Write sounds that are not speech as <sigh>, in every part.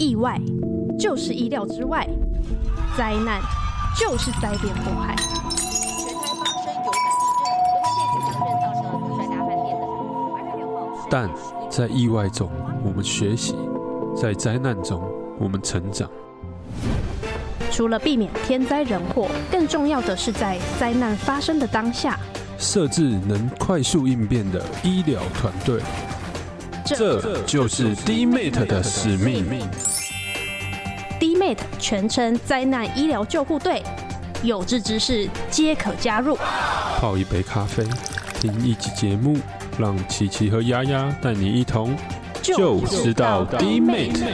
意外就是意料之外，災難就是災變禍害。但在意外中我們學習，在災難中我們成長。除了避免天災人禍，更重要的是在災難發生的當下，設置能快速應變的醫療團隊，這就是 DMAT 的使命。全稱災難醫療救護隊，有志之士皆可加入。泡一杯咖啡，聽一集節目，讓琪琪和丫丫帶你一同就知道 DMAT。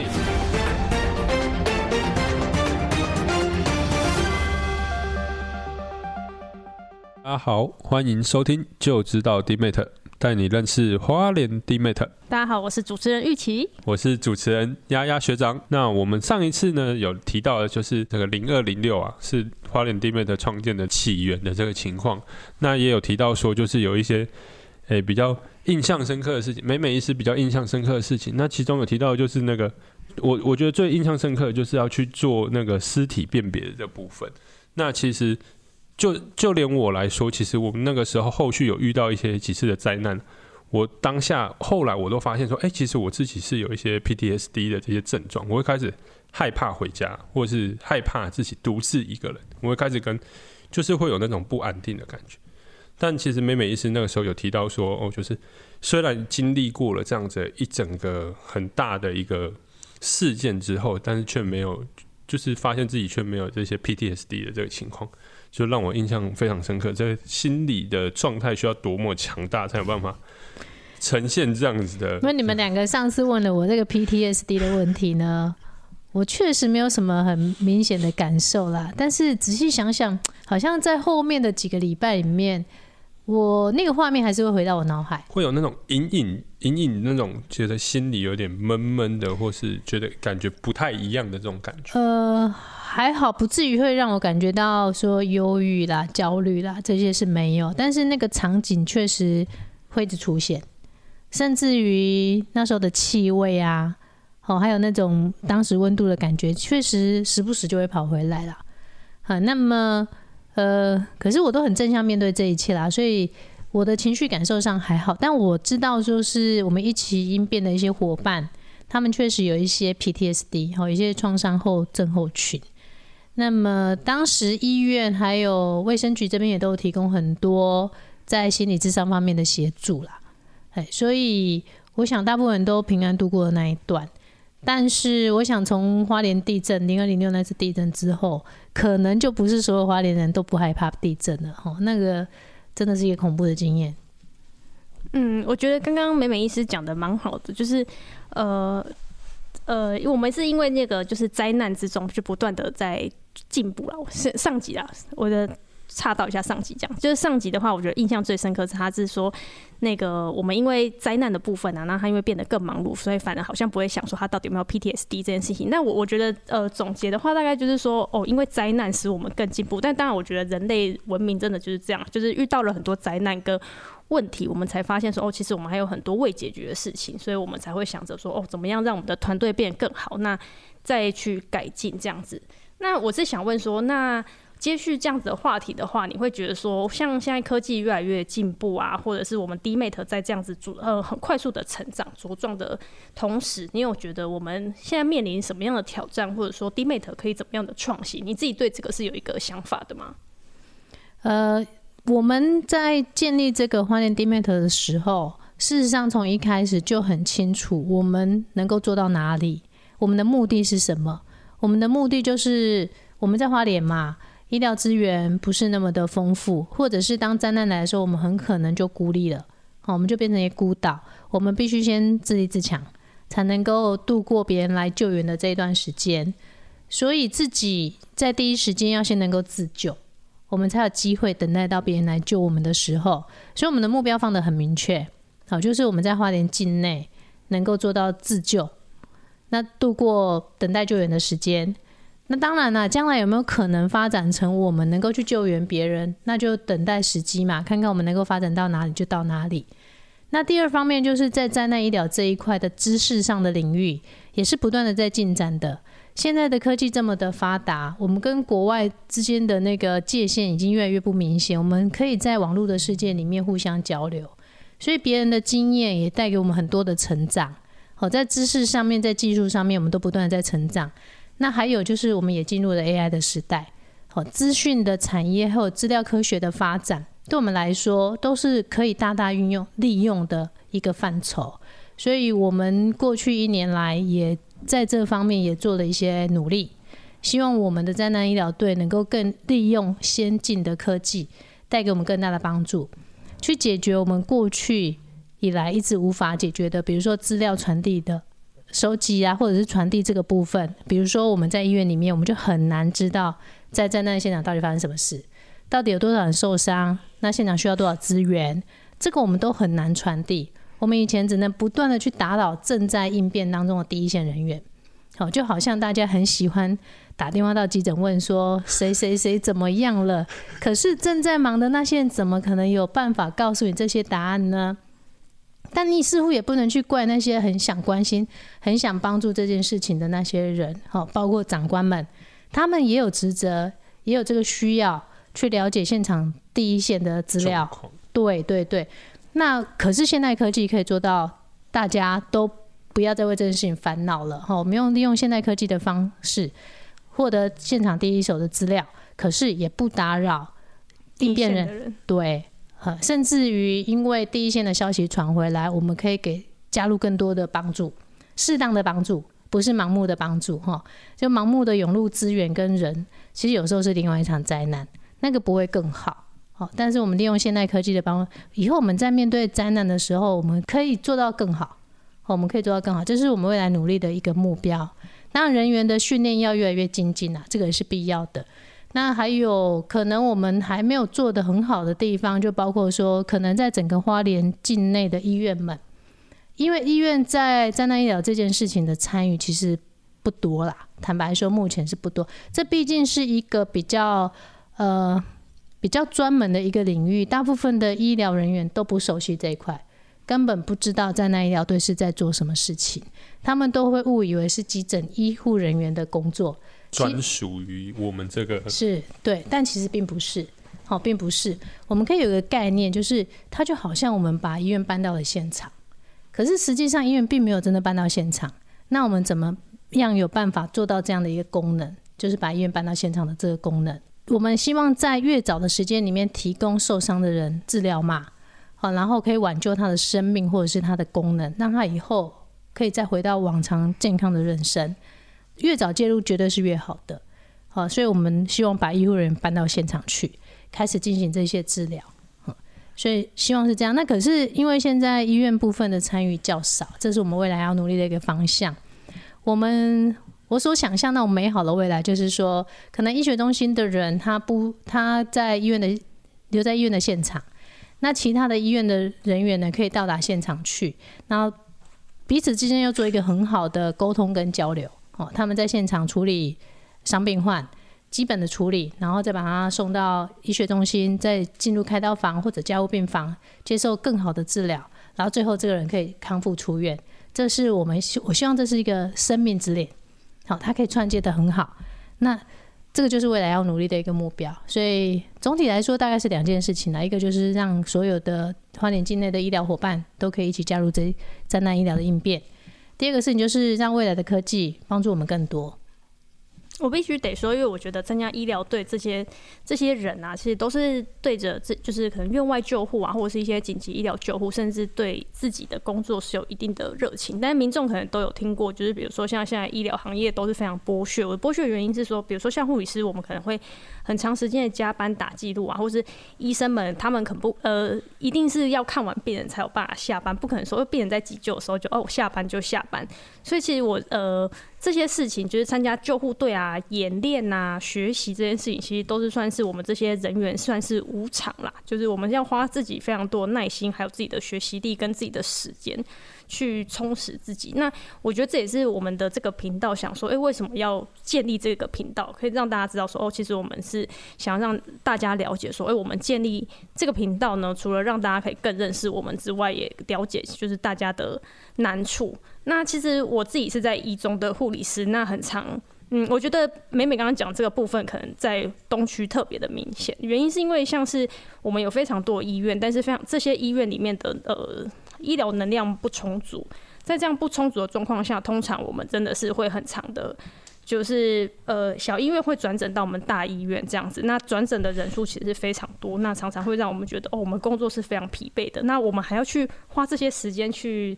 大家好，歡迎收聽就知道 DMAT 帶你認識花蓮 DMAT。大家好，我是主持人玉琪，我是主持人丫丫學長。那我們上一次呢，有提到的就是這個零二零六啊，是花蓮 DMAT 創建的起源的這個情況。那也有提到說，就是有一些誒、欸、比較印象深刻的事情，每每一次比較印象深刻的事情。那其中有提到，就是那個我我覺得最印象深刻，就是要去做那個屍體辨別的這部分。那其實。就就連我來說，其實我們那個時候後續有遇到一些幾次的災難，我當下後來我都發現說，哎、欸，其實我自己是有一些 PTSD 的這些症狀，我會開始害怕回家，或是害怕自己獨自一個人，我會開始跟，就是會有那種不安定的感覺。但其實美美醫師那個時候有提到說，哦，就是雖然經歷過了這樣子一整個很大的一個事件之後，但是卻沒有，就是發現自己卻沒有這些 PTSD 的這個情況。就讓我印象非常深刻，這心理的狀態需要多麼強大，才有辦法呈現這樣子的。那你們兩個上次問了我這個 PTSD 的問題呢，我確實沒有什麼很明顯的感受啦。但是仔細想想，好像在後面的幾個禮拜裡面。我那個畫面還是會回到我腦海，會有那種隱隱隱隱那種覺得心裡有點悶悶的，或是覺得感覺不太一樣的這種感覺。呃，還好，不至於會讓我感覺到說憂鬱啦、焦慮啦這些是沒有，但是那個場景確實會一直出現，甚至於那時候的氣味啊，哦，還有那種當時溫度的感覺，確實時不時就會跑回來啦。啊、嗯，好，那麼。呃，可是我都很正向面對這一切啦，所以我的情緒感受上還好。但我知道，就是我們一起應變的一些夥伴，他們確實有一些 PTSD，好、哦，一些創傷後症候群。那麼當時醫院還有衛生局這邊也都有提供很多在心理諮商方面的協助啦，哎，所以我想大部分人都平安度過了那一段。但是，我想從花蓮地震零二零六那次地震之後，可能就不是所有花蓮人都不害怕地震了。吼，那個真的是一個恐怖的經驗。嗯，我覺得剛剛美美醫師講的蠻好的，就是呃呃，我們是因為那個就是災難之中，就不斷的在進步了。我是上級啊，我的。岔到一下上集，講，就是上集的話，我覺得印象最深刻是他是說那個，我們因為災難的部分啊，那他因為變得更忙碌，所以反而好像不會想說他到底有沒有 PTSD 這件事情。那我我覺得呃總結的話，大概就是說哦，因為災難使我們更進步，但當然我覺得人類文明真的就是這樣，就是遇到了很多災難跟問題，我們才發現說哦，其實我們還有很多未解決的事情，所以我們才會想着說哦，怎麼樣讓我們的團隊變得更好，那再去改進這樣子。那我是想問說那。接續這樣子的話題的話，你會覺得說，像現在科技越來越進步啊，或者是我們 DMAT 在這樣子呃很快速的成長茁壯的同時，你有覺得我們現在面臨什麼樣的挑戰，或者說 DMAT 可以怎麼樣的創新，你自己對這個是有一個想法的嗎？呃，我們在建立這個花蓮 DMAT 的時候，事實上從一開始就很清楚我們能夠做到哪裡，我們的目的是什麼？我們的目的就是我們在花蓮嘛。醫療資源不是那麼的豐富，或者是當災難來的時候，我們很可能就孤立了，好，我們就變成一些孤島。我們必須先自立自強，才能夠度過別人來救援的這一段時間。所以，自己在第一時間要先能夠自救，我們才有機會等待到別人來救我們的時候。所以，我們的目標放得很明確，好，就是我們在花蓮境內能夠做到自救，那度過等待救援的時間。那當然啦、啊，將來有沒有可能發展成我們能夠去救援別人？那就等待時機嘛，看看我們能夠發展到哪裡就到哪裡。那第二方面就是在災難醫療這一塊的知識上的領域，也是不斷的在進展的。現在的科技這麼的發達，我們跟國外之間的那個界限已經越來越不明顯，我們可以在網絡的世界裡面互相交流，所以別人的經驗也帶給我們很多的成長。好，在知識上面，在技術上面，我們都不斷的在成長。那還有就是，我們也進入了 AI 的時代，好，資訊的產業還有資料科學的發展，對我們來說都是可以大大運用、利用的一個範疇。所以，我們過去一年來也在這方面也做了一些努力，希望我們的災難醫療隊能夠更利用先進的科技，帶給我們更大的幫助，去解決我們過去以來一直無法解決的，比如說資料傳遞的。收集啊，或者是傳遞這個部分，比如說我們在醫院裡面，我們就很難知道在災難現場到底發生什麼事，到底有多少人受傷，那現場需要多少資源，這個我們都很難傳遞。我們以前只能不斷的去打擾正在應變當中的第一線人員。好、哦，就好像大家很喜歡打電話到急診問說誰誰誰怎麼樣了，可是正在忙的那些人怎麼可能有辦法告訴你這些答案呢？但你似乎也不能去怪那些很想關心、很想幫助這件事情的那些人，哈、哦，包括長官們，他們也有職責，也有這個需要去了解現場第一線的資料。空對對對。那可是現代科技可以做到，大家都不要再為這件事情煩惱了，哈、哦。我們用利用現代科技的方式獲得現場第一手的資料，可是也不打擾地面的人。的人對。甚至於，因為第一線的消息傳回來，我們可以給加入更多的幫助，適當的幫助，不是盲目的幫助，哈，就盲目的湧入資源跟人，其實有時候是另外一場災難，那個不會更好，好，但是我們利用現代科技的幫助，以後我們在面對災難的時候，我們可以做到更好，好，我們可以做到更好，這是我們未來努力的一個目標。那人員的訓練要越來越精進啊，這個也是必要的。那還有可能我們還沒有做得很好的地方，就包括說，可能在整個花蓮境內的醫院們，因為醫院在災難醫療這件事情的參與其實不多啦。坦白說，目前是不多。這畢竟是一個比較呃比較專門的一個領域，大部分的醫療人員都不熟悉這一塊，根本不知道災難醫療隊是在做什麼事情，他們都會誤以為是急診醫護人員的工作。專屬於我們這個是對，但其實並不是，好、哦，並不是。我們可以有一個概念，就是它就好像我們把醫院搬到了現場，可是實際上醫院並沒有真的搬到現場。那我們怎麼樣有辦法做到這樣的一個功能，就是把醫院搬到現場的這個功能？我們希望在越早的時間裡面提供受傷的人治療嘛，好、哦，然後可以挽救他的生命或者是他的功能，讓他以後可以再回到往常健康的人生。越早介入絕對是越好的，好，啊，所以我們希望把醫護人員搬到現場去，開始進行這些治療。嗯，所以希望是這樣。那可是因為現在醫院部分的參與較少，這是我們未來要努力的一個方向。我們我所想象那種美好的未來，就是說，可能醫學中心的人他不他在醫院的留在醫院的現場，那其他的醫院的人員呢可以到達現場去，然後彼此之間要做一個很好的溝通跟交流。哦，他們在現場處理傷病患，基本的處理，然後再把他送到醫學中心，再進入開刀房或者加護病房，接受更好的治療，然後最後這個人可以康復出院。這是我們希我希望這是一個生命之鏈，好，它可以串接的很好。那這個就是未來要努力的一個目標。所以總體來說，大概是兩件事情啦，一個就是讓所有的花蓮境內的醫療夥伴都可以一起加入這災難醫療的應變。第二個事情就是讓未來的科技幫助我們更多。我必須得說，因為我覺得增加醫療隊這些這些人啊，其實都是對着這就是可能院外救護啊，或者是一些緊急醫療救護，甚至對自己的工作是有一定的熱情。但是民眾可能都有聽過，就是比如說像現在醫療行業都是非常剝削，我剝削的原因是說，比如說像護理師，我們可能會很長時間的加班打記錄啊，或是醫生們他們可不呃，一定是要看完病人才有辦法下班，不可能說病人在急救的時候就哦我下班就下班。所以其實我呃。這些事情就是參加救護隊啊、演練啊、學習這件事情，其實都是算是我們這些人員算是無常無償啦，就是我們要花自己非常多耐心，還有自己的學習力跟自己的時間。去充實自己。那我覺得這也是我們的這個頻道想說，哎、欸，為什麼要建立這個頻道？可以讓大家知道說，哦，其實我們是想讓大家了解說，哎、欸，我們建立這個頻道呢，除了讓大家可以更認識我們之外，也了解就是大家的難處。那其實我自己是在醫中的護理師，那很長，嗯，我覺得美美剛剛講這個部分，可能在東區特別的明顯，原因是因為像是我們有非常多醫院，但是非常這些醫院裡面的呃。醫療能量不充足，在這樣不充足的狀況下，通常我們真的是會很長的，就是呃小醫院會轉診到我們大醫院這樣子。那轉診的人數其實是非常多，那常常會讓我們覺得哦，我們工作是非常疲憊的。那我們還要去花這些時間去。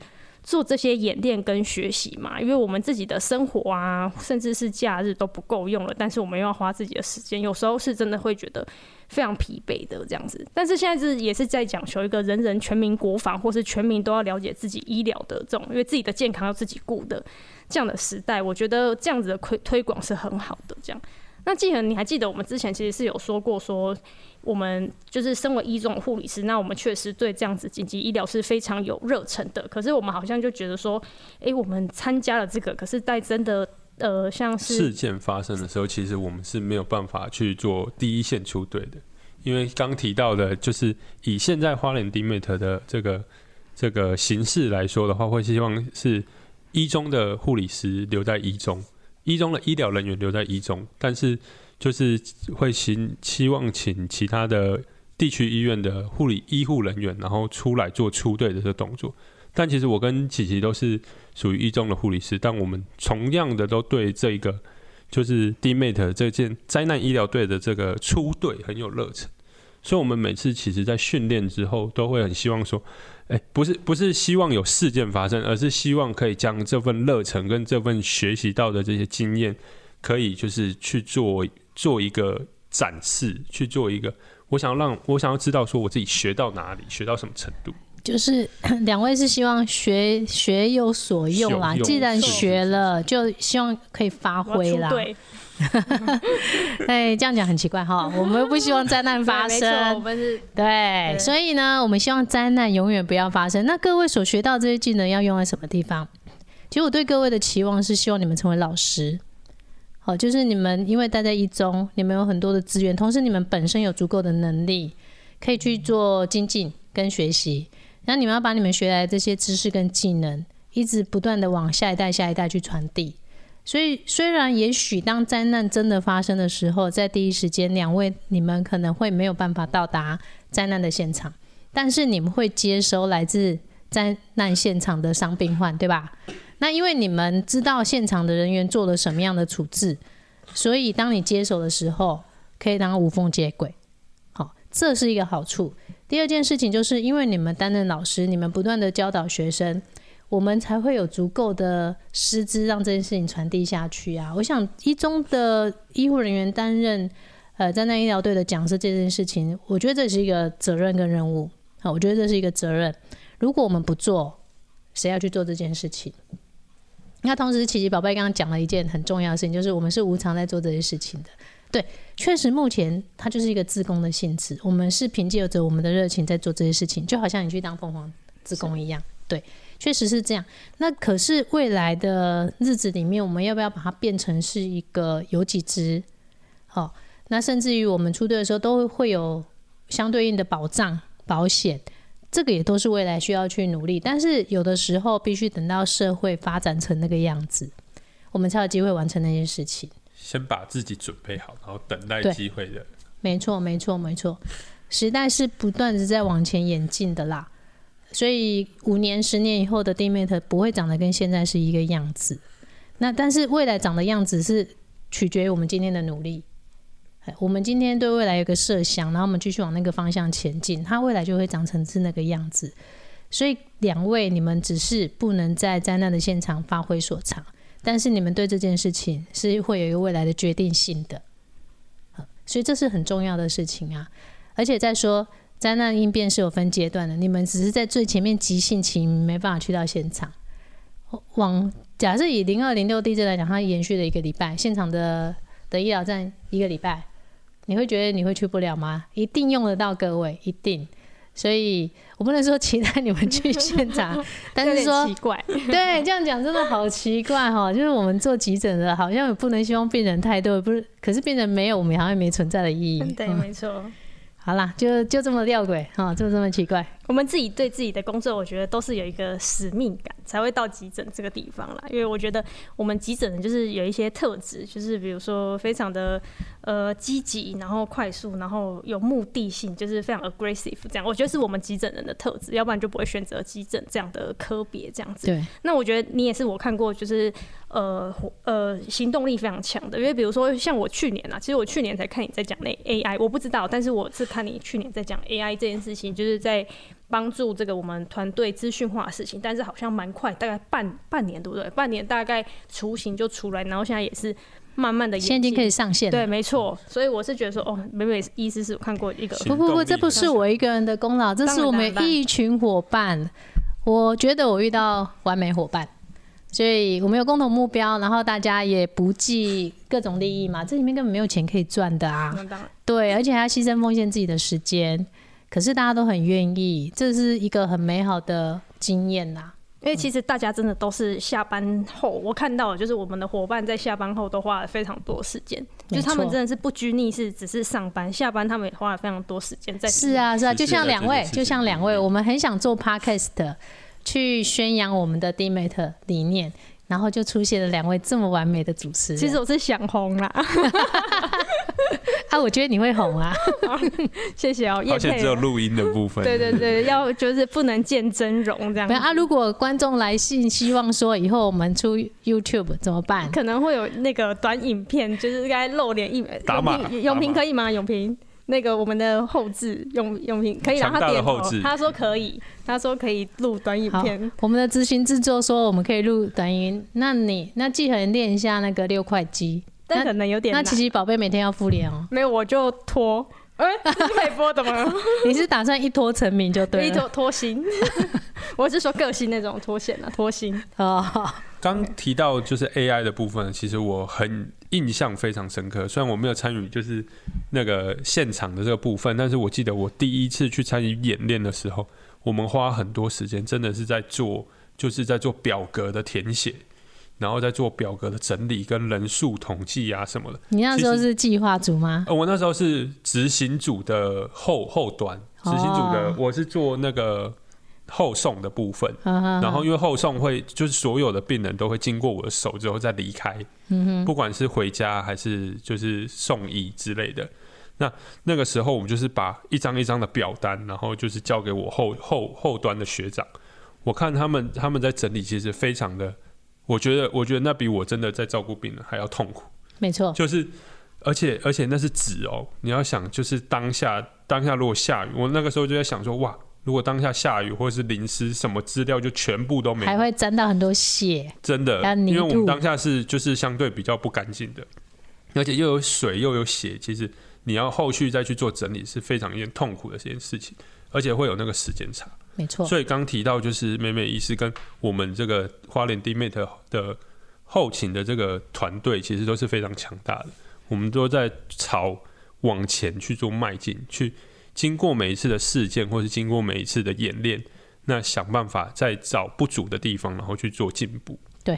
做這些演練跟學習嘛，因為我們自己的生活啊，甚至是假日都不夠用了，但是我們又要花自己的時間，有時候是真的會覺得非常疲憊的這樣子。但是現在是也是在講求一個人人全民國防，或是全民都要了解自己醫療的這種，因為自己的健康要自己顧的這樣的時代，我覺得這樣子的推推廣是很好的這樣。那季恆，你還記得我們之前其實是有說過，說我們就是身為醫中護理師，那我們確實對這樣子緊急醫療是非常有熱忱的。可是我們好像就覺得說，哎、欸，我們參加了這個，可是在真的呃，像是事件發生的時候，其實我們是沒有辦法去做第一線出隊的，因為剛提到的，就是以現在花蓮 DMAT 的這個這個形式來說的話，會希望是醫中的護理師留在醫中，一中的醫療人員留在一中，但是就是會請希望請其他的地區醫院的護理醫護人員，然後出來做出隊的這個動作。但其實我跟琪琪都是屬於一中的護理師，但我們同樣的都對這個就是 DMAT 這件災難醫療隊的這個出隊很有熱情，所以我們每次其實，在訓練之後都會很希望說。欸，不是不是希望有事件發生，而是希望可以將這份熱忱跟這份學習到的這些經驗，可以就是去做做一個展示，去做一個，我想讓我想要知道說我自己學到哪裡，學到什麼程度，就是兩位是希望學學有所用啊，既然學了，就希望可以發揮啦，對。哎， <laughs> 這樣講很奇怪哈， <laughs> 我們不希望災難發生。 <laughs> 對，所以呢，我們希望災難永遠不要發生。那各位所學到這些技能要用在什麼地方？其實我對各位的期望是希望你們成為老師。好，就是你們因為待在一中，你們有很多的資源，同時你們本身有足夠的能力，可以去做精進跟學習。然後你們要把你們學來的這些知識跟技能，一直不斷的往下一代、下一代去傳遞。所以，雖然也許當災難真的發生的時候，在第一時間，兩位你們可能會沒有辦法到達災難的現場，但是你們會接收來自災難現場的傷病患，對吧？那因為你們知道現場的人員做了什麼樣的處置，所以當你接手的時候，可以當無縫接軌。好、哦，這是一個好處。第二件事情就是，因為你們擔任老師，你們不斷的教導學生。我們才會有足夠的師資，讓這件事情傳遞下去啊！我想一中的醫護人員擔任呃災難醫療隊的講師這件事情，我覺得這是一個責任跟任務。好，我覺得這是一個責任。如果我們不做，誰要去做這件事情？那同時，琪琪寶貝剛剛講了一件很重要的事情，就是我們是無償在做這些事情的。對，確實目前它就是一個志工的性質，我們是憑借着我們的熱情在做這些事情，就好像你去當鳳凰志工一樣，是對。確實是這樣。那可是未來的日子裡面，我們要不要把它變成是一個有幾支？好，哦，那甚至於我們出隊的時候都會有相對應的保障保險，這個也都是未來需要去努力。但是有的時候必須等到社會發展成那個樣子，我們才有機會完成那件事情。先把自己準備好，然後等待機會的。沒錯，沒錯，沒錯。時代是不斷的在往前演進的啦。所以五年、十年以後的 DMAT 不會長得跟現在是一個樣子，那但是未來長的樣子是取決於我們今天的努力。我們今天對未來有個設想，然後我們繼續往那個方向前進，它未來就會長成是那個樣子。所以兩位，你們只是不能在災難的現場發揮所長，但是你們對這件事情是會有一個未來的決定性的。所以這是很重要的事情啊，而且再說。災難應變是有分階段的，你們只是在最前面急性期沒辦法去到現場。往假設以零二零六地震來講，它延續了一個禮拜，現場的的醫療站一個禮拜，你會覺得你會去不了嗎？一定用得到各位，一定。所以我不能說期待你們去現場， <laughs> 但是說奇怪，對，這樣講真的好奇怪哈， <laughs> 就是我們做急診的，好像也不能希望病人太多，不是？可是病人沒有，我們好像也沒存在的意義。 <laughs> 對，沒錯。好啦，就就這麼吊詭，哈，就這麼，哦，這麼，這麼奇怪。我們自己對自己的工作，我覺得都是有一個使命感，才會到急診這個地方來。因為我覺得我們急診人就是有一些特質，就是比如說非常的呃積極，然後快速，然後有目的性，就是非常 aggressive 這樣。我覺得是我們急診人的特質，要不然就不會選擇急診這樣的科別這樣子。對。那我覺得你也是，我看過就是呃呃行動力非常強的。因為比如說像我去年啊，其實我去年才看你在講那 AI，我不知道，但是我是看你去年在講 AI 這件事情，就是在。幫助這個我們團隊資訊化的事情，但是好像蠻快，大概半半年對不對？對，半年大概雛形就出來，然後現在也是慢慢的現今可以上線，對，沒錯，所以我是覺得說，哦、喔，美美意思是我看過一個，不不不，這不是我一個人的功勞，這是我們一群夥伴，我覺得我遇到完美夥伴，所以我們有共同目標，然後大家也不計各種利益嘛，這裡面根本沒有錢可以賺的啊，當然對，而且還要犧牲奉獻自己的時間。可是大家都很願意，這是一個很美好的經驗吶。因為其實大家真的都是下班後，嗯、我看到就是我們的夥伴在下班後都花了非常多時間，嗯、就他們真的是不拘泥是只是上班下班，他們也花了非常多時間在。是啊是啊，就像兩位，就像兩位，我們很想做 podcast 去宣揚我們的 DMAT 理念，然後就出現了兩位這麼完美的主持人。其實我是想紅啦。 <laughs> 啊，我覺得你會紅啊！啊 <laughs> 謝謝哦、喔。而且只有錄音的部分。 <laughs> 對對對，要就是不能見真容這樣子。啊，如果觀眾來信希望說以後我們出 YouTube 怎麼辦？可能會有那個短影片，就是應該露臉一。打碼碼。永平可以嗎？碼永平，那個我們的後置用永平可以讓他點。後他說可以，他說可以錄短影片。我們的資訊制作說我們可以錄短影，那你那季恆練一下那個六塊肌。那但可能有點那。那琪琪寶貝每天要敷臉哦、嗯。沒有，我就脫。哎、欸，沒播怎麼？ <laughs> 你是打算一脫成名就對了？ <laughs> 一脫脫型。脫星 <laughs> 我是說個性那種脫線了，脫星啊。剛 <laughs> 提到就是 AI 的部分，其實我很印象非常深刻。雖然我沒有參與，就是那個現場的這個部分，但是我記得我第一次去參與演練的時候，我們花很多時間，真的是在做，就是在做表格的填寫。然後再做表格的整理跟人數統計啊什麼的。你那時候是計劃組嗎？我那時候是執行組的後後端，執行組的我是做那個後送的部分。然後因為後送會就是所有的病人都會經過我的手之後再離開，不管是回家還是就是送醫之類的。那那個時候我們就是把一張一張的表單，然後就是交給我後後後端的學長。我看他們他們在整理，其實非常的。我覺得，我覺得那比我真的在照顧病人還要痛苦。沒錯，就是，而且，而且那是紙哦。你要想，就是當下，當下如果下雨，我那個時候就在想說，哇，如果當下下雨或者是淋濕，什麼資料就全部都沒有，還會沾到很多血，真的，因為我們當下是就是相對比較不乾淨的，而且又有水又有血，其實你要後續再去做整理是非常一件痛苦的這件事情，而且會有那個時間差。沒錯，所以剛提到就是美美醫師跟我們這個花蓮 DMAT 的後勤的這個團隊，其實都是非常強大的。我們都在朝往前去做邁進，去經過每一次的事件或是經過每一次的演練，那想辦法再找不足的地方，然後去做進步。對。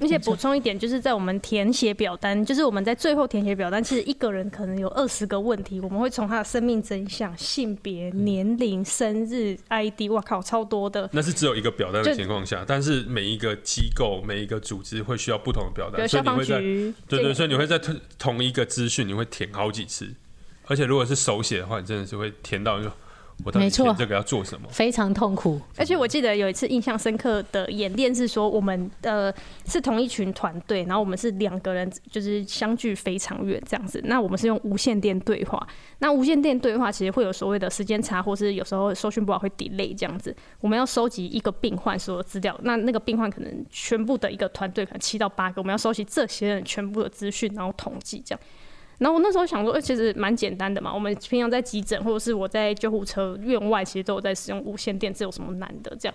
而且補充一點，就是在我們填寫表單，就是我們在最後填寫表單，其實一個人可能有二十個問題，我們會從他的生命徵象、性別、年齡、生日、ID，哇靠，超多的。那是只有一個表單的情況下，就但是每一個機構、每一個組織會需要不同的表單，所以你會在對，對對，所以你會在同同一個資訊你會填好幾次，而且如果是手寫的話，你真的是會填到就。沒錯，我這個要做什麼？非常痛苦，而且我記得有一次印象深刻的演練是說，我們呃是同一群團隊，然後我們是兩個人，就是相距非常遠這樣子。那我們是用無線電對話，那無線電對話其實會有所謂的時間差，或是有時候收訊不好會 delay 這樣子。我們要收集一個病患所有資料，那那個病患可能全部的一個團隊可能七到八個，我們要收集這些人全部的資訊，然後統計這樣。然後我那時候想說，哎、欸，其實蠻簡單的嘛。我們平常在急診，或者是我在救護車院外，其實都有在使用無線電，這有什麼難的？這樣，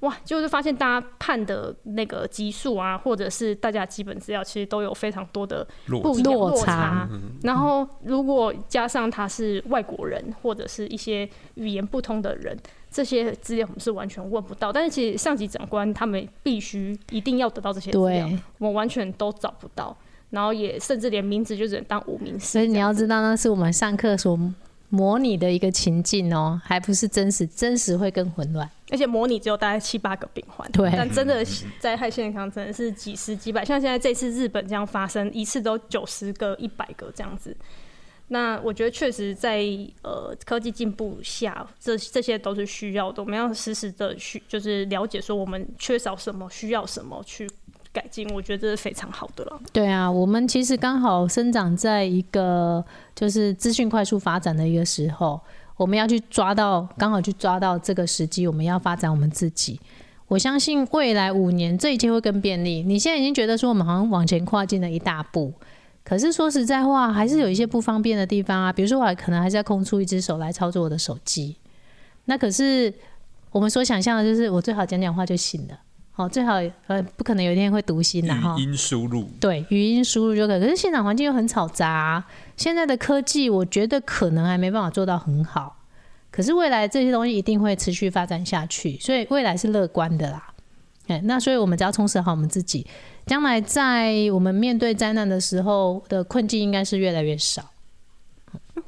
哇，就是發現大家判的那個級數啊，或者是大家基本資料，其實都有非常多的落落差。然後，如果加上他是外國人，嗯、或者是一些語言不通的人，這些資料我們是完全問不到。但是，其實上級長官他們必須一定要得到這些資料，對我完全都找不到。然後也甚至連名字就只能當無名，所以你要知道那是我們上課所模擬的一個情境哦，還不是真實，真實會更混亂。而且模擬只有大概七八個病患，對，但真的災害現場真的是幾十幾百，像現在這次日本這樣發生一次都九十個、一百個這樣子。那我覺得確實在呃科技進步下，這這些都是需要的，我們要實時，時的去就是了解說我們缺少什麼，需要什麼去。改進，我覺得這是非常好的了。對啊，我們其實剛好生長在一個就是資訊快速發展的一個時候，我們要去抓到，剛好去抓到這個時機，我們要發展我們自己。我相信未來五年這一切會更便利。你現在已經覺得說我們好像往前跨進了一大步，可是說實在話，還是有一些不方便的地方啊。比如說，我還可能還是要空出一只手來操作我的手機。那可是我們所想象的就是，我最好講講話就行了。好、哦，最好呃，不可能有一天會讀心的哈。語音輸入對，語音輸入就可以，可是現場環境又很吵雜。現在的科技，我覺得可能還沒辦法做到很好，可是未來這些東西一定會持續發展下去，所以未來是樂觀的啦。哎、嗯，那所以我們只要充實好我們自己，將來在我們面對災難的時候的困境應該是越來越少。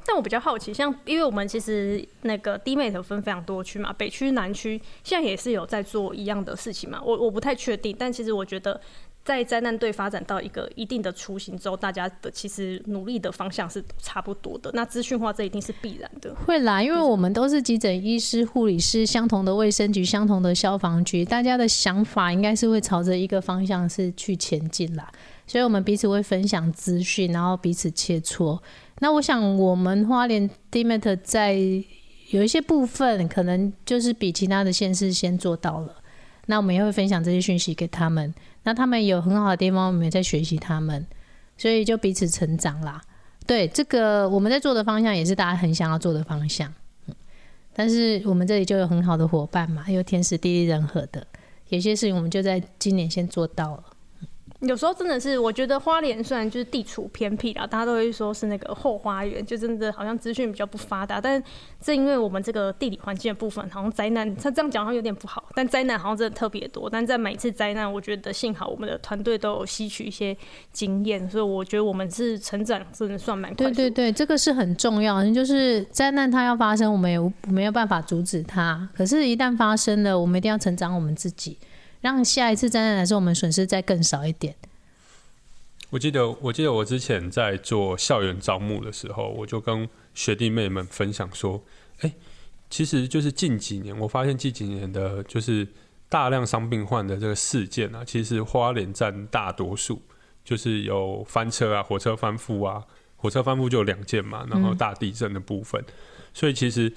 但我比較好奇，像因為我們其實那個 DMAT 分非常多區嘛，北區、南區現在也是有在做一樣的事情嘛，我我不太確定，但其實我覺得。在災難隊發展到一個一定的雛形之後，大家的其實努力的方向是差不多的。那資訊化，這一定是必然的。會啦，因為我們都是急診醫師、護理師，相同的衛生局、相同的消防局，大家的想法應該是會朝着一個方向是去前進啦。所以，我們彼此會分享資訊，然後彼此切磋。那我想，我們花蓮 DMAT 在有一些部分，可能就是比其他的縣市先做到了。那我們也會分享這些訊息給他們。那他們有很好的地方，我們也在學習他們，所以就彼此成長啦。對這個我們在做的方向，也是大家很想要做的方向。嗯，但是我們這裡就有很好的夥伴嘛，又天時地利人和的，有些事情我們就在今年先做到了。有時候真的是，我覺得花蓮雖然就是地處偏僻啦，大家都會說是那個後花園，就真的好像資訊比較不發達。但正因為我們這個地理環境的部分，好像災難，它這樣講好像有點不好。但災難好像真的特別多。但在每次災難，我覺得幸好我們的團隊都有吸取一些經驗，所以我覺得我們是成長真的算蠻快。對對對，這個是很重要。就是災難它要發生，我們也沒有辦法阻止它。可是，一旦發生了，我們一定要成長我們自己。讓下一次災難來說，我們損失再更少一點。我記得，我記得我之前在做校園招募的時候，我就跟學弟妹們分享說：“欸，其實就是近幾年，我發現近幾年的，就是大量傷病患的這個事件啊，其實花蓮占大多數，就是有翻車啊，火車翻覆啊，火車翻覆就有兩件嘛，然後大地震的部分，嗯，所以其實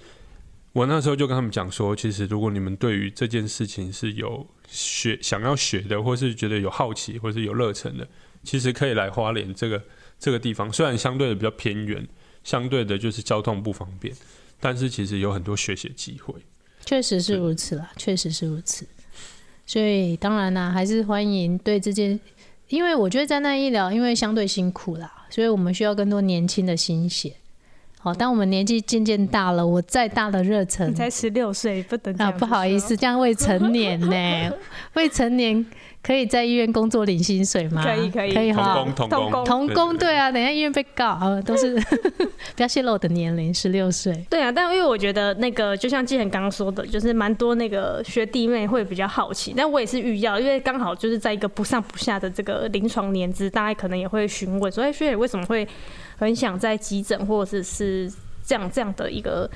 我那時候就跟他們講說，其實如果你們對於這件事情是有學想要學的，或是覺得有好奇，或是有熱忱的，其實可以來花蓮這個這個地方。雖然相對的比較偏遠，相對的就是交通不方便，但是其實有很多學習機會。確實是如此啦，確對實是如此。所以當然啦、啊，還是歡迎對這件，因為我覺得災難醫療因為相對辛苦啦，所以我們需要更多年輕的心血。好，當、哦、我們年紀漸漸大了，我再大的熱忱，你才十六歲，不等啊，不好意思，這樣未成年呢、欸？ <laughs> 未成年可以在醫院工作領薪水嗎？可以,可以，可以好好，可以，哈，童同工同工，對啊。等一下醫院被告啊、哦，都是 <laughs> 不要泄露我的年齡，十六歲。對啊，但因為我覺得那個，就像之前剛剛說的，就是蠻多那個學弟妹會比較好奇。但我也是預料，因為剛好就是在一個不上不下的這個臨床年資，大家可能也會詢問說，說、欸、哎，學姐為什麼會？很想在急診或者是，是這樣這樣的一個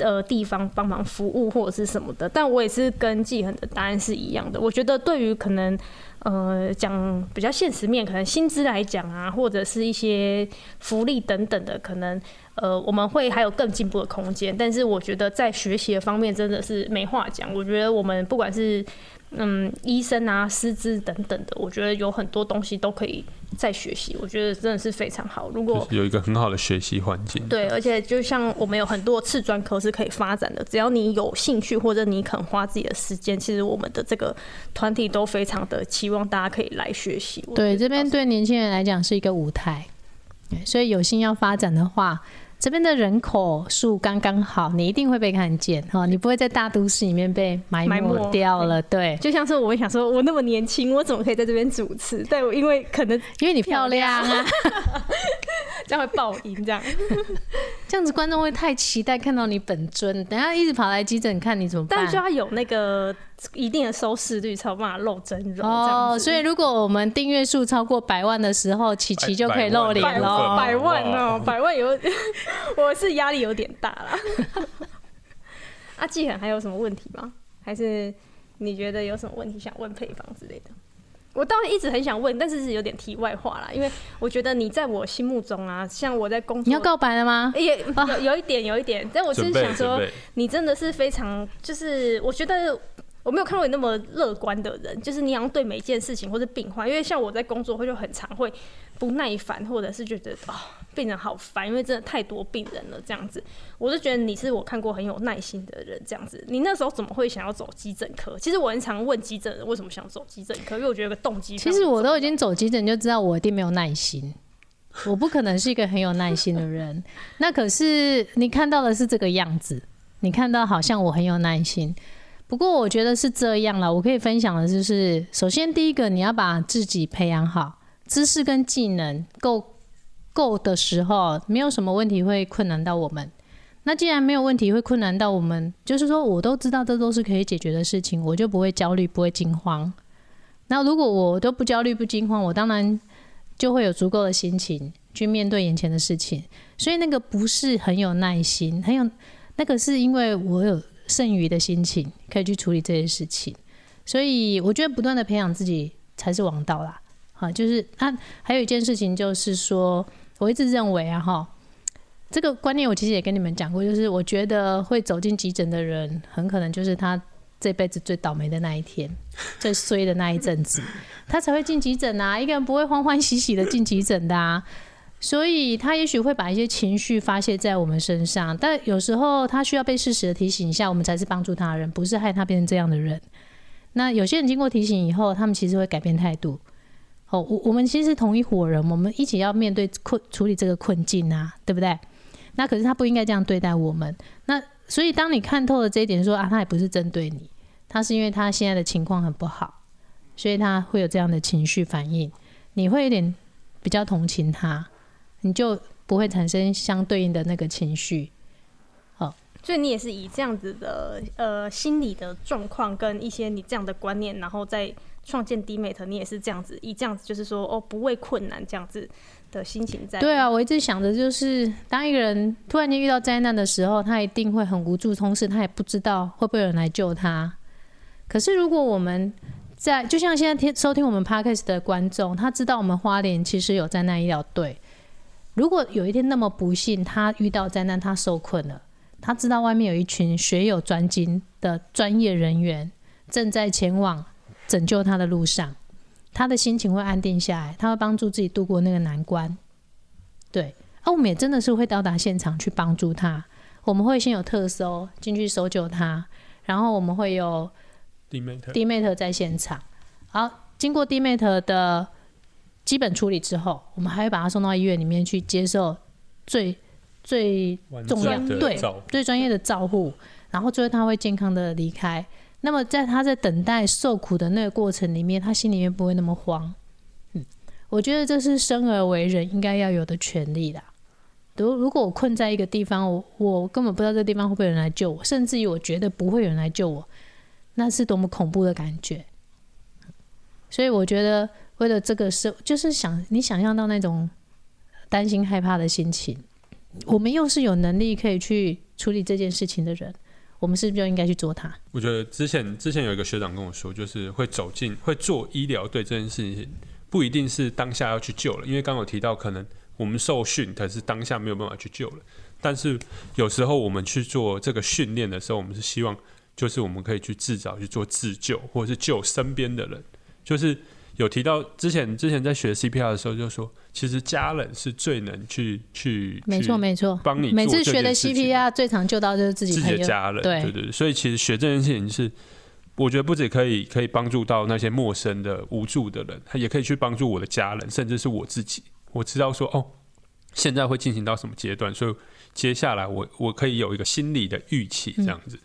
呃地方，幫忙，服務或者是什麼的，但我也是跟紀恆的答案是一樣的。我覺得對於可能呃講比較現實面，可能薪資來講啊，或者是一些福利等等的，可能呃我們會還有更進步的空間。但是我覺得在學習的方面真的是沒話講。我覺得我們不管是嗯，醫生啊，師資等等的，我覺得有很多東西都可以再學習。我覺得真的是非常好。如果有一個很好的學習環境，對，而且就像我們有很多次專科是可以發展的，只要你有興趣或者你肯花自己的時間，其實我們的這個團體都非常的期望大家可以來學習。對，這邊對年輕人來講是一個舞台，所以有心要發展的話。這邊的人口數剛剛好，你一定會被看見哈，你不會在大都市裡面被埋沒掉了。對，對對，就像是我會想說，我那麼年輕，我怎麼可以在這邊主持？對，我因為可能、啊、因為你漂亮啊。 <laughs> 這樣會爆音，這樣 <laughs> 這樣子觀眾會太期待看到你本尊，等一下一直跑來急診看你怎麼辦？但就要有那個一定的收視率，才有辦法露真容哦。所以如果我們訂閱數超過百萬的時候，琪琪就可以露臉了。百萬哦，百萬有 <laughs> 我是壓力有點大了。阿紀恆還有什麼問題嗎？還是你覺得有什麼問題想問配方之類的？我當然一直很想問，但是是有點題外話了，因為我覺得你在我心目中啊，像我在工作，你要告白了嗎？也有，有一點，有一點，oh. 但我就是想說，你真的是非常，就是我覺得。我沒有看過你那麼樂觀的人，就是你好像對每一件事情或者病患，因為像我在工作會就很常會不耐煩，或者是覺得哦病人好煩，因為真的太多病人了這樣子。我就覺得你是我看過很有耐心的人這樣子。你那時候怎麼會想要走急診科？其實我很常問急診人為什麼想走急診科，因為我覺得有個動機。其實我都已經走急診，就知道我一定沒有耐心。我不可能是一個很有耐心的人。 <laughs> 那可是你看到的是這個樣子，你看到好像我很有耐心。不過我覺得是這樣了，我可以分享的就是，首先第一個，你要把自己培養好，知識跟技能夠夠的時候，沒有什麼問題會困難到我們。那既然沒有問題會困難到我們，就是說我都知道這都是可以解決的事情，我就不會焦慮，不會驚慌。那如果我都不焦慮不驚慌，我當然就會有足夠的心情去面對眼前的事情。所以那個不是很有耐心，很有那個是因為我有。剩餘的心情可以去處理這些事情，所以我覺得不斷的培養自己才是王道啦。啊，就是那、啊、還有一件事情就是說，我一直認為啊哈，這個觀念我其實也跟你們講過，就是我覺得會走進急診的人，很可能就是他這輩子最倒霉的那一天， <laughs> 最衰的那一陣子，他才會進急診啊。一個人不會歡歡喜喜的進急診的、啊。所以他也許會把一些情緒發洩在我們身上，但有時候他需要被適時的提醒一下，我們才是幫助他的人，不是害他變成這樣的人。那有些人經過提醒以後，他們其實會改變態度。哦，我我們其實是同一夥人，我們一起要面對困處理這個困境啊，對不對？那可是他不應該這樣對待我們。那所以當你看透了這一點說，說啊，他也不是針對你，他是因為他現在的情況很不好，所以他會有這樣的情緒反應。你會有點比較同情他。你就不會產生相對應的那個情緒，好，所以你也是以這樣子的呃心理的狀況跟一些你這樣的觀念，然後在創建 DMAT，你也是這樣子，以這樣子就是說哦不畏困難這樣子的心情在。對啊，我一直想着就是，當一個人突然間遇到災難的時候，他一定會很無助，同時他也不知道會不會有人來救他。可是如果我們在，就像現在聽收聽我們 Podcast 的觀眾，他知道我們花蓮其實有災難醫療隊。如果有一天那麼不幸，他遇到災難，他受困了，他知道外面有一群學有專精的專業人員正在前往拯救他的路上，他的心情會安定下來，他會幫助自己度過那個難關。對，啊，我們也真的是會到達現場去幫助他，我們會先有特搜進去搜救他，然後我們會有 DMAT DMAT 在現場。好，經過 DMAT 的。基本處理之後，我們還會把他送到醫院裡面去接受最、嗯、最,最重要對最專業的照護，對，然後最後他會健康的離開。那麼，在他在等待受苦的那個過程裡面，他心裡面不會那麼慌。嗯，我覺得這是生而為人應該要有的權利的。如如果我困在一個地方，我我根本不知道這個地方會不會有人來救我，甚至於我覺得不會有人來救我，那是多麼恐怖的感覺。所以我覺得。為了這個是就是想你想象到那種擔心、害怕的心情。我，我們又是有能力可以去處理這件事情的人，我們是不是就應該去做它？我覺得之前之前有一個學長跟我說，就是會走進、會做醫療隊這件事情，不一定是當下要去救了。因為剛剛有提到，可能我們受訓，可是當下沒有辦法去救了。但是有時候我們去做這個訓練的時候，我們是希望，就是我們可以去自找去做自救，或者是救身邊的人，就是。有提到之前之前在學 CPR 的時候，就說其實家人是最能去去，去沒錯沒錯，幫你每次學的 CPR 最常救到就是自己自己的家人對對對，所以其實學這件事情是我覺得不只可以可以幫助到那些陌生的無助的人，他也可以去幫助我的家人，甚至是我自己。我知道說哦，現在會進行到什麼階段，所以接下來我我可以有一個心理的預期這樣子，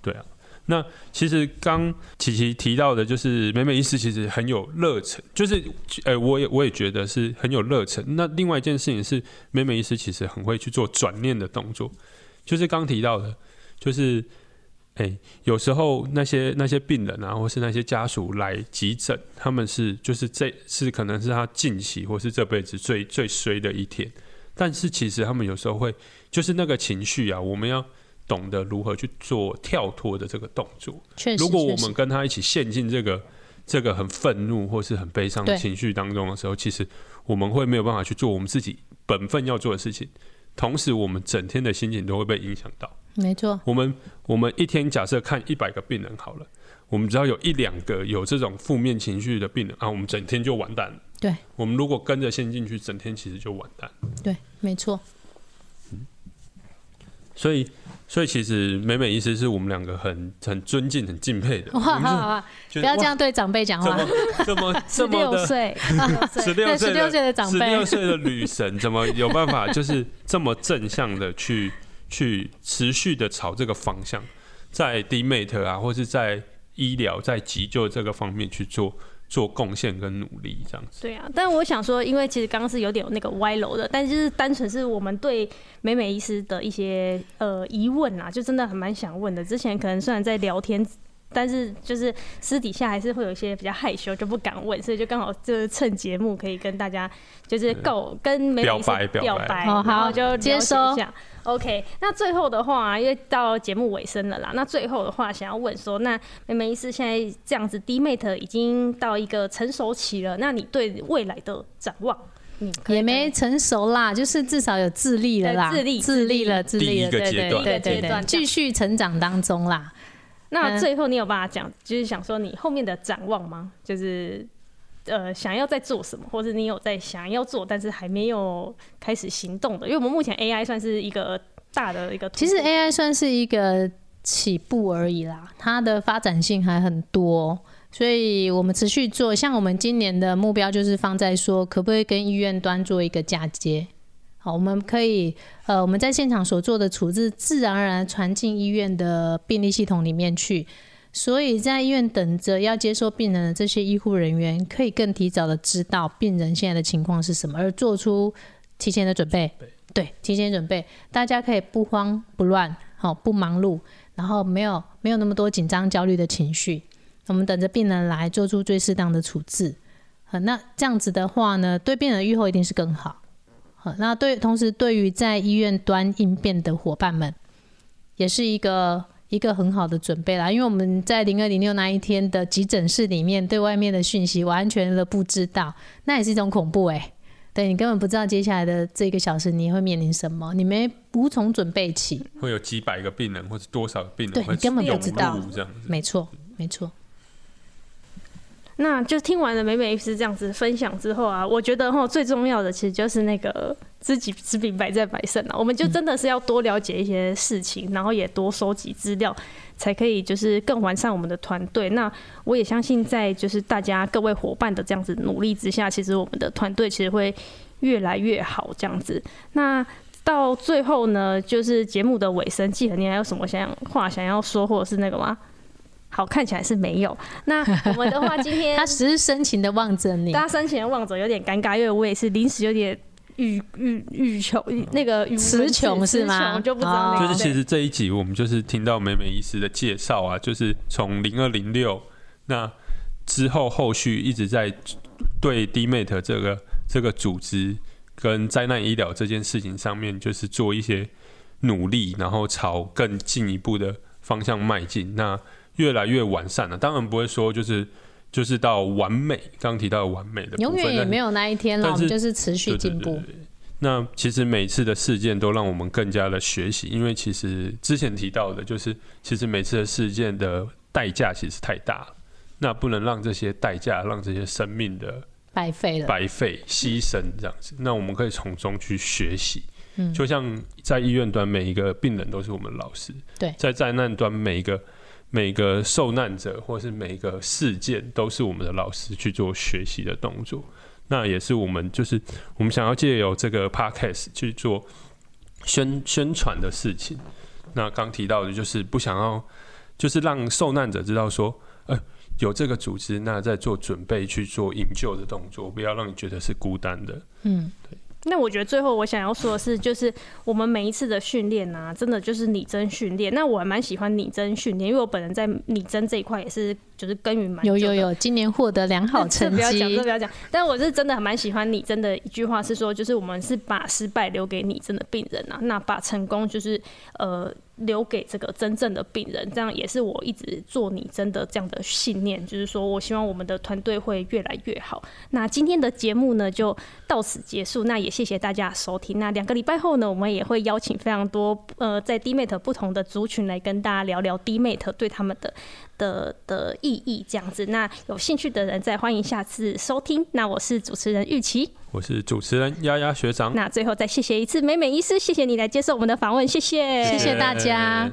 對啊。那其實剛琪琪提到的，就是美美醫師其實很有熱忱，就是，誒、欸，我也我也覺得是很有熱忱。那另外一件事情是，美美醫師其實很會去做轉念的動作，就是剛提到的，就是，誒、欸，有時候那些那些病人啊，或是那些家屬來急診，他們是就是這是可能是他近期或是這輩子最最衰的一天，但是其實他們有時候會，就是那個情緒啊，我們要。懂得如何去做跳脫的這個動作。確實，如果我們跟他一起陷進這個這個很憤怒或是很悲傷的情緒當中的時候，對，其實我們會沒有辦法去做我們自己本分要做的事情。同時，我們整天的心情都會被影響到。沒錯錯。我們我們一天假設看一百個病人好了，我們只要有一兩個有這種負面情緒的病人啊，我們整天就完蛋了。對。我們如果跟着陷進去，整天其實就完蛋。對，沒錯。所以，所以其實美美醫師是我們兩個很很尊敬、很敬佩的。哇，好好好，不要這樣對長輩講話。這麼這麼十六歲，十六歲十六歲的長輩，十六歲的女神，怎麼有辦法就是這麼正向的去去持續的朝這個方向在 D，在 DMAT 啊，或是在醫療、在急救這個方面去做。做貢獻跟努力這樣子。對啊，但我想說，因為其實剛剛是有點有那個歪樓的，但是就是單純是我們對美美醫師的一些呃疑問啊，就真的很蠻想問的。之前可能雖然在聊天，但是就是私底下還是會有一些比較害羞，就不敢問，所以就剛好就是趁節目可以跟大家就是告、嗯、跟美美醫師表白，表白，然後好、嗯、就接收一下。OK，那最後的話、啊，因為到節目尾聲了啦。那最後的話，想要問說，那妹妹醫師現在這樣子，DMAT 已經到一個成熟期了，那你對未來的展望、呃？嗯，也沒成熟啦，就是至少有自立了啦，自立、自立了、自立了，對對對對對，繼續成長當中啦。嗯、那最後你有辦法講，就是想說你後面的展望嗎？就是。呃，想要在做什麼，或者你有在想要做，但是還沒有開始行動的，因為我們目前 AI 算是一個大的一個，其實 AI 算是一個起步而已啦，它的發展性還很多，所以我們持續做。像我們今年的目標就是放在說，可不可以跟醫院端做一個嫁接？好，我們可以，呃，我們在現場所做的處置，自然而然傳進醫院的病歷系統裡面去。所以，在醫院等着要接受病人的這些醫護人員，可以更提早的知道病人現在的情況是什麼，而做出提前的準備。對，提前準備，大家可以不慌不亂，好不忙碌，然後沒有沒有那麼多緊張焦慮的情緒。我們等着病人來，做出最適當的處置。好，那這樣子的話呢，對病人的預後一定是更好。好，那對同時對於在醫院端應變的伙伴們，也是一個。一個很好的準備啦，因為我們在零二零六，那一天的急診室裡面，對外面的訊息完全的不知道，那也是一種恐怖誒、欸，對，你根本不知道接下來的這個小時你會面臨什麼，你沒無從準備起。會有幾百個病人，或者多少個病人會，你根本不知道。沒錯，沒錯。那就聽完了美美是這樣子分享之後啊，我覺得哈，最重要的其實就是那個知己知彼，百戰百勝了，啊。我們就真的是要多了解一些事情，然後也多收集資料，才可以就是更完善我們的團隊。那我也相信，在就是大家各位夥伴的這樣子努力之下，其實我們的團隊其實會越來越好。這樣子，那到最後呢，就是節目的尾聲，記得你還有什麼想話想要說，或者是那個嗎？好，看起來是沒有。那我們的話，今天 <laughs> 他只是深情的望着你，大家深情的望着，有點尷尬，因為我也是臨時有點欲欲欲窮，呃、那個詞窮是嗎？就不知道、那個。就是其實這一集，我們就是聽到美美醫師的介紹啊，就是從零二零六那之後，後續一直在對 DMAT 這個這個組織跟災難醫療這件事情上面，就是做一些努力，然後朝更進一步的方向邁進。那越來越完善了，當然不會說就是就是到完美。剛剛提到完美的，永遠也沒有那一天了，我們就是持續進步，對對對。那其實每次的事件都讓我們更加的學習，因為其實之前提到的，就是其實每次的事件的代價其實太大了，那不能讓這些代價讓這些生命的白費了、白費犧牲這樣子。那我們可以從中去學習，嗯，就像在醫院端每一個病人都是我們老師，對、嗯，在災難端每一個。每個受難者，或是每個事件，都是我們的老師去做學習的動作。那也是我們，就是我們想要借由這個 podcast 去做宣傳的事情。那剛提到的，就是不想要，就是讓受難者知道說，有這個組織，那在做準備去做營救的動作，不要讓你覺得是孤單的。嗯，對。那我覺得最後我想要說的是，就是我們每一次的訓練啊，真的就是擬真訓練。那我還蠻喜歡擬真訓練，因為我本人在擬真這一塊也是，就是耕耘蠻久的。有有有，今年獲得良好成績。這不要講，這不要講。但我是真的還蠻喜歡擬真的一句話是說，就是我們是把失敗留給擬真的病人啊，那把成功就是呃。留給這個真正的病人，這樣也是我一直做你真的這樣的信念，就是說我希望我們的團隊會越來越好。那今天的節目呢，就到此結束。那也謝謝大家收聽。那兩個禮拜後呢，我們也會邀請非常多呃在 DMAT 不同的族群來跟大家聊聊 DMAT 對他們的。的的意義這樣子，那有興趣的人再歡迎下次收聽。那我是主持人玉琪，我是主持人丫丫學長。那最後再謝謝一次美美醫師，謝謝你來接受我們的訪問，謝謝，謝謝，謝謝大家。